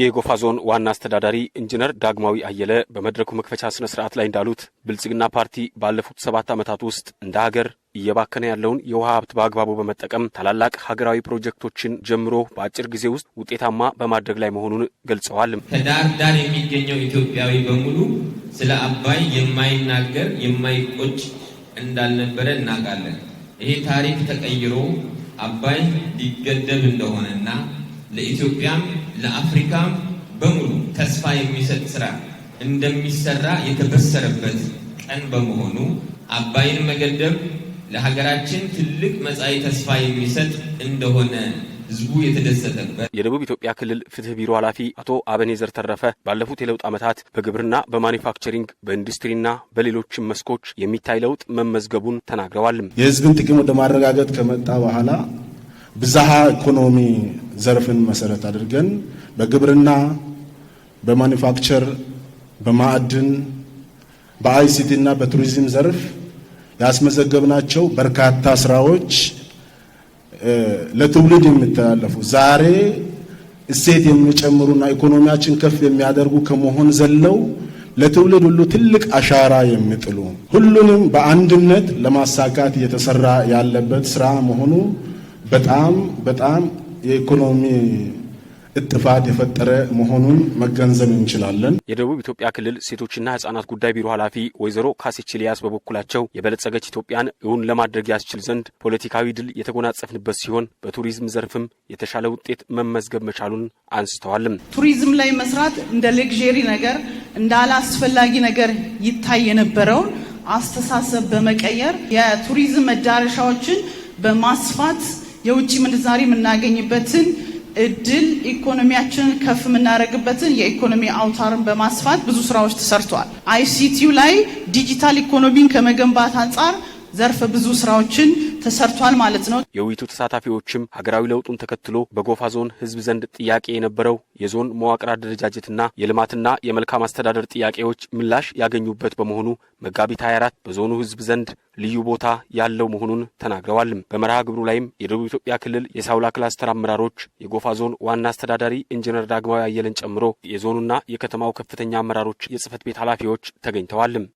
የጎፋ ዞን ዋና አስተዳዳሪ ኢንጂነር ዳግማዊ አየለ በመድረኩ መክፈቻ ስነ ስርዓት ላይ እንዳሉት ብልጽግና ፓርቲ ባለፉት ሰባት ዓመታት ውስጥ እንደ ሀገር እየባከነ ያለውን የውሃ ሀብት በአግባቡ በመጠቀም ታላላቅ ሀገራዊ ፕሮጀክቶችን ጀምሮ በአጭር ጊዜ ውስጥ ውጤታማ በማድረግ ላይ መሆኑን ገልጸዋል። ከዳር ዳር የሚገኘው ኢትዮጵያዊ በሙሉ ስለ አባይ የማይናገር የማይቆጭ እንዳልነበረ እናውቃለን። ይሄ ታሪክ ተቀይሮ አባይ ሊገደብ እንደሆነና ለኢትዮጵያም ለአፍሪካም በሙሉ ተስፋ የሚሰጥ ስራ እንደሚሰራ የተበሰረበት ቀን በመሆኑ አባይን መገደብ ለሀገራችን ትልቅ መጻኢ ተስፋ የሚሰጥ እንደሆነ ህዝቡ የተደሰተበት የደቡብ ኢትዮጵያ ክልል ፍትህ ቢሮ ኃላፊ አቶ አበኔዘር ተረፈ ባለፉት የለውጥ ዓመታት በግብርና፣ በማኒፋክቸሪንግ፣ በኢንዱስትሪና በሌሎችም መስኮች የሚታይ ለውጥ መመዝገቡን ተናግረዋልም። የህዝብን ጥቅም ወደ ማረጋገጥ ከመጣ በኋላ ብዝሃ ኢኮኖሚ ዘርፍን መሰረት አድርገን በግብርና፣ በማኒፋክቸር፣ በማዕድን፣ በአይሲቲ እና በቱሪዝም ዘርፍ ያስመዘገብናቸው በርካታ ስራዎች ለትውልድ የሚተላለፉ ዛሬ እሴት የሚጨምሩና ኢኮኖሚያችን ከፍ የሚያደርጉ ከመሆን ዘለው ለትውልድ ሁሉ ትልቅ አሻራ የሚጥሉ ሁሉንም በአንድነት ለማሳካት እየተሰራ ያለበት ስራ መሆኑ በጣም በጣም የኢኮኖሚ እጥፋት የፈጠረ መሆኑን መገንዘብ እንችላለን። የደቡብ ኢትዮጵያ ክልል ሴቶችና ህጻናት ጉዳይ ቢሮ ኃላፊ ወይዘሮ ካሴች በበኩላቸው የበለጸገች ኢትዮጵያን እውን ለማድረግ ያስችል ዘንድ ፖለቲካዊ ድል የተጎናጸፍንበት ሲሆን በቱሪዝም ዘርፍም የተሻለ ውጤት መመዝገብ መቻሉን አንስተዋልም። ቱሪዝም ላይ መስራት እንደ ሌግሪ ነገር እንደ አላስፈላጊ ነገር ይታይ የነበረውን አስተሳሰብ በመቀየር የቱሪዝም መዳረሻዎችን በማስፋት የውጭ ምንዛሪ የምናገኝበትን እድል ኢኮኖሚያችንን ከፍ የምናደርግበትን የኢኮኖሚ አውታርን በማስፋት ብዙ ስራዎች ተሰርተዋል። አይሲቲዩ ላይ ዲጂታል ኢኮኖሚን ከመገንባት አንጻር ዘርፈ ብዙ ስራዎችን ተሰርቷል ማለት ነው። የውይይቱ ተሳታፊዎችም ሀገራዊ ለውጡን ተከትሎ በጎፋ ዞን ህዝብ ዘንድ ጥያቄ የነበረው የዞን መዋቅር አደረጃጀትና የልማትና የመልካም አስተዳደር ጥያቄዎች ምላሽ ያገኙበት በመሆኑ መጋቢት 24 በዞኑ ህዝብ ዘንድ ልዩ ቦታ ያለው መሆኑን ተናግረዋልም። በመርሃ ግብሩ ላይም የደቡብ ኢትዮጵያ ክልል የሳውላ ክላስተር አመራሮች፣ የጎፋ ዞን ዋና አስተዳዳሪ ኢንጂነር ዳግማዊ አየለን ጨምሮ የዞኑና የከተማው ከፍተኛ አመራሮች፣ የጽህፈት ቤት ኃላፊዎች ተገኝተዋልም።